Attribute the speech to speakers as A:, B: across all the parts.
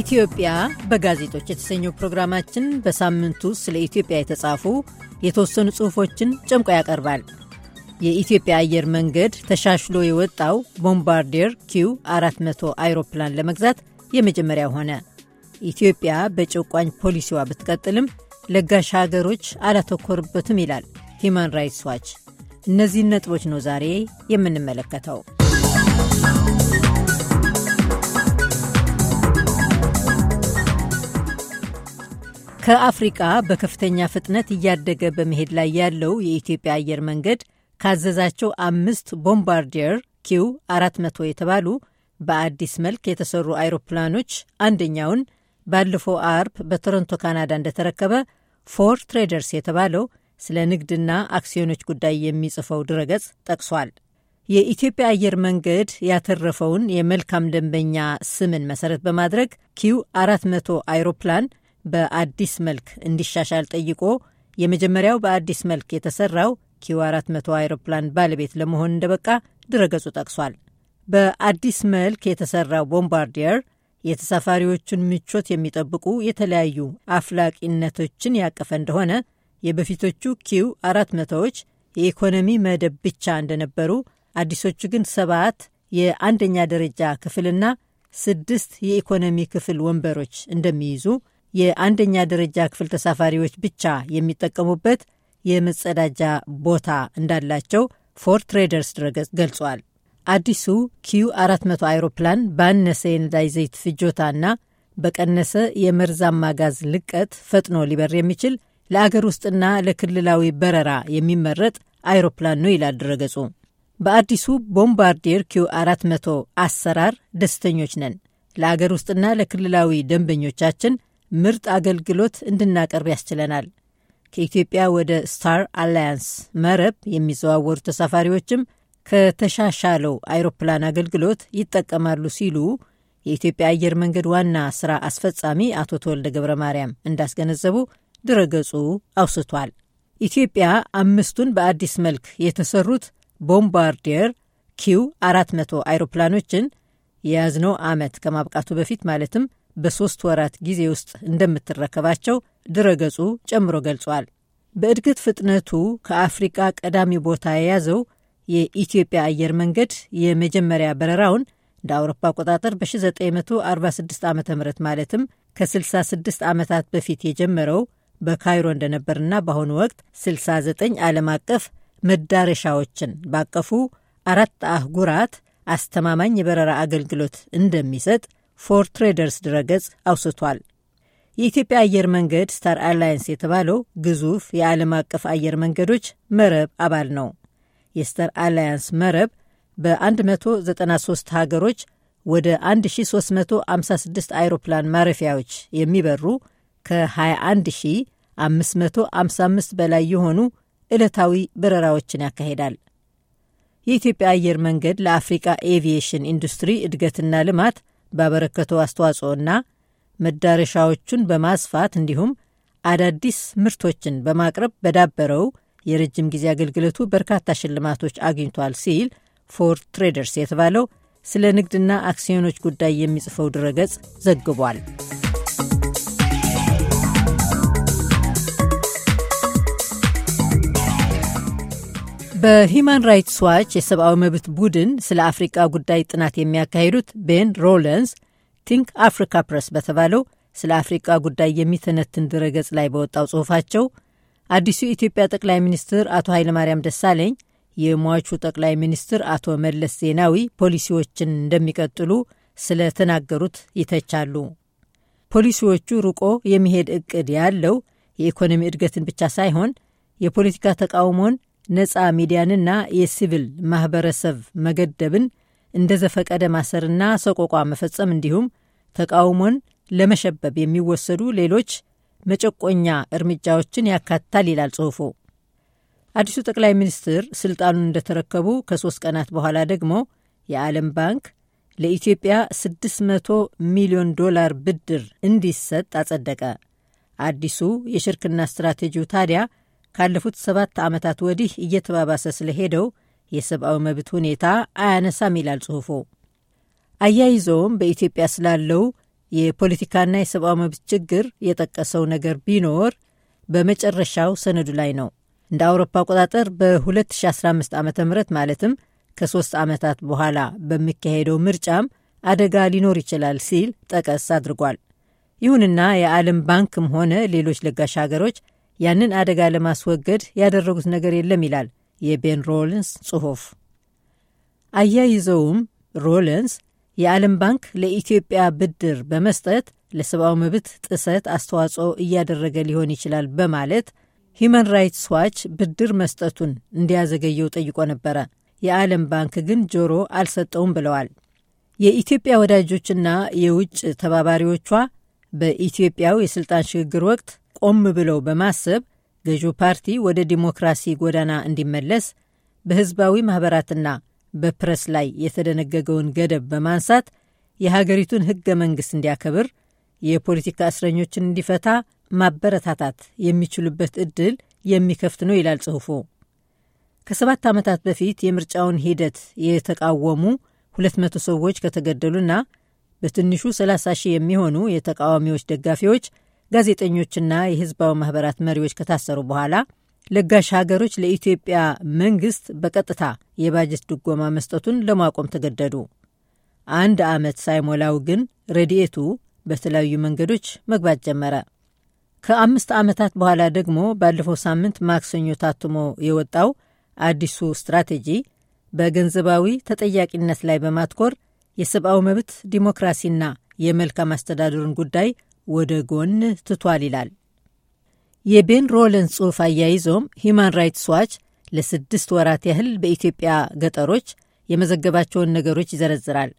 A: ኢትዮጵያ በጋዜጦች የተሰኘው ፕሮግራማችን በሳምንቱ ስለ ኢትዮጵያ የተጻፉ የተወሰኑ ጽሑፎችን ጨምቆ ያቀርባል። የኢትዮጵያ አየር መንገድ ተሻሽሎ የወጣው ቦምባርዴር ኪው 400 አይሮፕላን ለመግዛት የመጀመሪያ ሆነ። ኢትዮጵያ በጨቋኝ ፖሊሲዋ ብትቀጥልም ለጋሽ ሀገሮች አላተኮርበትም ይላል ሂማን ራይትስ ዋች። እነዚህን ነጥቦች ነው ዛሬ የምንመለከተው። ከአፍሪቃ በከፍተኛ ፍጥነት እያደገ በመሄድ ላይ ያለው የኢትዮጵያ አየር መንገድ ካዘዛቸው አምስት ቦምባርዲየር ኪው 400 የተባሉ በአዲስ መልክ የተሰሩ አይሮፕላኖች አንደኛውን ባለፈው አርብ በቶሮንቶ ካናዳ እንደተረከበ ፎር ትሬደርስ የተባለው ስለ ንግድና አክሲዮኖች ጉዳይ የሚጽፈው ድረገጽ ጠቅሷል። የኢትዮጵያ አየር መንገድ ያተረፈውን የመልካም ደንበኛ ስምን መሰረት በማድረግ ኪው 400 አይሮፕላን በአዲስ መልክ እንዲሻሻል ጠይቆ የመጀመሪያው በአዲስ መልክ የተሰራው ኪው 400 አይሮፕላን ባለቤት ለመሆን እንደበቃ ድረገጹ ጠቅሷል። በአዲስ መልክ የተሰራው ቦምባርዲየር የተሳፋሪዎቹን ምቾት የሚጠብቁ የተለያዩ አፍላቂነቶችን ያቀፈ እንደሆነ የበፊቶቹ ኪው አራት መቶዎች የኢኮኖሚ መደብ ብቻ እንደነበሩ፣ አዲሶቹ ግን ሰባት የአንደኛ ደረጃ ክፍልና ስድስት የኢኮኖሚ ክፍል ወንበሮች እንደሚይዙ የአንደኛ ደረጃ ክፍል ተሳፋሪዎች ብቻ የሚጠቀሙበት የመጸዳጃ ቦታ እንዳላቸው ፎር ትሬደርስ ድረገጽ ገልጿል። አዲሱ ኪዩ 400 አይሮፕላን ባነሰ የነዳጅ ዘይት ፍጆታና በቀነሰ የመርዛማ ጋዝ ልቀት ፈጥኖ ሊበር የሚችል ለአገር ውስጥና ለክልላዊ በረራ የሚመረጥ አይሮፕላን ነው ይላል ድረገጹ። በአዲሱ ቦምባርዲየር ኪው 400 አሰራር ደስተኞች ነን። ለአገር ውስጥና ለክልላዊ ደንበኞቻችን ምርጥ አገልግሎት እንድናቀርብ ያስችለናል። ከኢትዮጵያ ወደ ስታር አላያንስ መረብ የሚዘዋወሩ ተሳፋሪዎችም ከተሻሻለው አይሮፕላን አገልግሎት ይጠቀማሉ ሲሉ የኢትዮጵያ አየር መንገድ ዋና ስራ አስፈጻሚ አቶ ተወልደ ገብረ ማርያም እንዳስገነዘቡ ድረገጹ አውስቷል። ኢትዮጵያ አምስቱን በአዲስ መልክ የተሰሩት ቦምባርዲየር ኪው 400 አይሮፕላኖችን የያዝነው ዓመት ከማብቃቱ በፊት ማለትም በሦስት ወራት ጊዜ ውስጥ እንደምትረከባቸው ድረገጹ ጨምሮ ገልጿል። በእድገት ፍጥነቱ ከአፍሪቃ ቀዳሚ ቦታ የያዘው የኢትዮጵያ አየር መንገድ የመጀመሪያ በረራውን እንደ አውሮፓ አቆጣጠር በ1946 ዓ ም ማለትም ከ66 ዓመታት በፊት የጀመረው በካይሮ እንደነበርና በአሁኑ ወቅት 69 ዓለም አቀፍ መዳረሻዎችን ባቀፉ አራት አህጉራት አስተማማኝ የበረራ አገልግሎት እንደሚሰጥ ፎር ትሬደርስ ድረገጽ አውስቷል። የኢትዮጵያ አየር መንገድ ስታር አላይንስ የተባለው ግዙፍ የዓለም አቀፍ አየር መንገዶች መረብ አባል ነው። የስታር አላያንስ መረብ በ193 ሀገሮች ወደ 1356 አይሮፕላን ማረፊያዎች የሚበሩ ከ21555 በላይ የሆኑ ዕለታዊ በረራዎችን ያካሄዳል። የኢትዮጵያ አየር መንገድ ለአፍሪቃ ኤቪዬሽን ኢንዱስትሪ እድገትና ልማት ባበረከተው አስተዋጽኦና መዳረሻዎቹን በማስፋት እንዲሁም አዳዲስ ምርቶችን በማቅረብ በዳበረው የረጅም ጊዜ አገልግሎቱ በርካታ ሽልማቶች አግኝቷል ሲል ፎር ትሬደርስ የተባለው ስለ ንግድና አክሲዮኖች ጉዳይ የሚጽፈው ድረገጽ ዘግቧል። በሂማን ራይትስ ዋች የሰብአዊ መብት ቡድን ስለ አፍሪቃ ጉዳይ ጥናት የሚያካሂዱት ቤን ሮለንስ ቲንክ አፍሪካ ፕረስ በተባለው ስለ አፍሪቃ ጉዳይ የሚተነትን ድረገጽ ላይ በወጣው ጽሑፋቸው አዲሱ የኢትዮጵያ ጠቅላይ ሚኒስትር አቶ ኃይለማርያም ደሳለኝ የሟቹ ጠቅላይ ሚኒስትር አቶ መለስ ዜናዊ ፖሊሲዎችን እንደሚቀጥሉ ስለ ተናገሩት ይተቻሉ። ፖሊሲዎቹ ርቆ የሚሄድ እቅድ ያለው የኢኮኖሚ እድገትን ብቻ ሳይሆን የፖለቲካ ተቃውሞን ነፃ ሚዲያንና የሲቪል ማኅበረሰብ መገደብን እንደ ዘፈቀደ ማሰርና ሰቆቋ መፈጸም እንዲሁም ተቃውሞን ለመሸበብ የሚወሰዱ ሌሎች መጨቆኛ እርምጃዎችን ያካትታል ይላል ጽሑፉ። አዲሱ ጠቅላይ ሚኒስትር ስልጣኑን እንደተረከቡ ከሶስት ቀናት በኋላ ደግሞ የዓለም ባንክ ለኢትዮጵያ 600 ሚሊዮን ዶላር ብድር እንዲሰጥ አጸደቀ። አዲሱ የሽርክና ስትራቴጂው ታዲያ ካለፉት ሰባት ዓመታት ወዲህ እየተባባሰ ስለሄደው የሰብአዊ መብት ሁኔታ አያነሳም ይላል ጽሑፉ። አያይዘውም በኢትዮጵያ ስላለው የፖለቲካና የሰብአዊ መብት ችግር የጠቀሰው ነገር ቢኖር በመጨረሻው ሰነዱ ላይ ነው። እንደ አውሮፓ አቆጣጠር በ2015 ዓ ም ማለትም ከሶስት ዓመታት በኋላ በሚካሄደው ምርጫም አደጋ ሊኖር ይችላል ሲል ጠቀስ አድርጓል። ይሁንና የዓለም ባንክም ሆነ ሌሎች ለጋሽ ሀገሮች ያንን አደጋ ለማስወገድ ያደረጉት ነገር የለም ይላል የቤን ሮለንስ ጽሑፍ። አያይዘውም ሮለንስ የዓለም ባንክ ለኢትዮጵያ ብድር በመስጠት ለሰብአዊ መብት ጥሰት አስተዋጽኦ እያደረገ ሊሆን ይችላል በማለት ሂማን ራይትስ ዋች ብድር መስጠቱን እንዲያዘገየው ጠይቆ ነበረ። የዓለም ባንክ ግን ጆሮ አልሰጠውም ብለዋል። የኢትዮጵያ ወዳጆችና የውጭ ተባባሪዎቿ በኢትዮጵያው የሥልጣን ሽግግር ወቅት ቆም ብለው በማሰብ ገዢው ፓርቲ ወደ ዲሞክራሲ ጎዳና እንዲመለስ በሕዝባዊ ማኅበራትና በፕረስ ላይ የተደነገገውን ገደብ በማንሳት የሀገሪቱን ሕገ መንግሥት እንዲያከብር፣ የፖለቲካ እስረኞችን እንዲፈታ ማበረታታት የሚችሉበት ዕድል የሚከፍት ነው ይላል ጽሑፉ። ከሰባት ዓመታት በፊት የምርጫውን ሂደት የተቃወሙ 200 ሰዎች ከተገደሉና በትንሹ 30 ሺህ የሚሆኑ የተቃዋሚዎች ደጋፊዎች ጋዜጠኞችና የህዝባዊ ማህበራት መሪዎች ከታሰሩ በኋላ ለጋሽ ሀገሮች ለኢትዮጵያ መንግስት በቀጥታ የባጀት ድጎማ መስጠቱን ለማቆም ተገደዱ። አንድ ዓመት ሳይሞላው ግን ረድኤቱ በተለያዩ መንገዶች መግባት ጀመረ። ከአምስት ዓመታት በኋላ ደግሞ ባለፈው ሳምንት ማክሰኞ ታትሞ የወጣው አዲሱ ስትራቴጂ በገንዘባዊ ተጠያቂነት ላይ በማትኮር የሰብአዊ መብት ዲሞክራሲና የመልካም አስተዳደሩን ጉዳይ ወደ ጎን ትቷል ይላል። የቤን ሮለንስ ጽሑፍ አያይዞም ሂማን ራይትስ ዋች ለስድስት ወራት ያህል በኢትዮጵያ ገጠሮች የመዘገባቸውን ነገሮች ይዘረዝራል።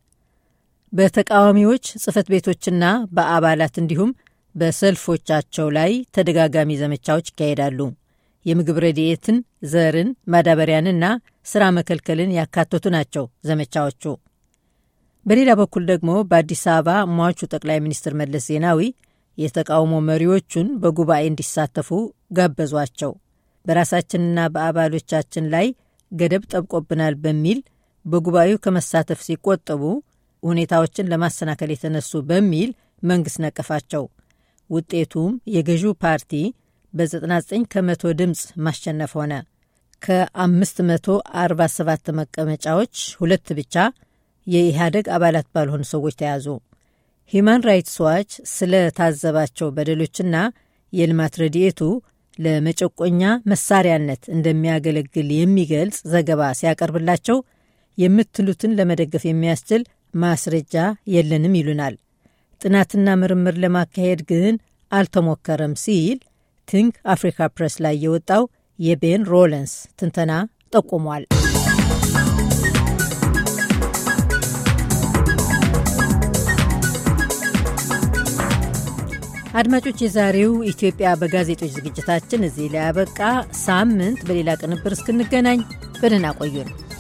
A: በተቃዋሚዎች ጽህፈት ቤቶችና በአባላት እንዲሁም በሰልፎቻቸው ላይ ተደጋጋሚ ዘመቻዎች ይካሄዳሉ። የምግብ ረድኤትን፣ ዘርን፣ ማዳበሪያንና ስራ መከልከልን ያካተቱ ናቸው ዘመቻዎቹ። በሌላ በኩል ደግሞ በአዲስ አበባ ሟቹ ጠቅላይ ሚኒስትር መለስ ዜናዊ የተቃውሞ መሪዎቹን በጉባኤ እንዲሳተፉ ጋበዟቸው። በራሳችንና በአባሎቻችን ላይ ገደብ ጠብቆብናል በሚል በጉባኤው ከመሳተፍ ሲቆጠቡ ሁኔታዎችን ለማሰናከል የተነሱ በሚል መንግሥት ነቀፋቸው። ውጤቱም የገዢው ፓርቲ በ99 ከመቶ ድምፅ ማሸነፍ ሆነ። ከ547 መቀመጫዎች ሁለት ብቻ የኢህአደግ አባላት ባልሆኑ ሰዎች ተያዙ። ሂማን ራይትስ ዋች ስለ ታዘባቸው በደሎችና የልማት ረድኤቱ ለመጨቆኛ መሳሪያነት እንደሚያገለግል የሚገልጽ ዘገባ ሲያቀርብላቸው የምትሉትን ለመደገፍ የሚያስችል ማስረጃ የለንም ይሉናል። ጥናትና ምርምር ለማካሄድ ግን አልተሞከረም ሲል ቲንክ አፍሪካ ፕሬስ ላይ የወጣው የቤን ሮለንስ ትንተና ጠቁሟል። አድማጮች፣ የዛሬው ኢትዮጵያ በጋዜጦች ዝግጅታችን እዚህ ላይ ያበቃ። ሳምንት በሌላ ቅንብር እስክንገናኝ በደህና ቆዩ ነው።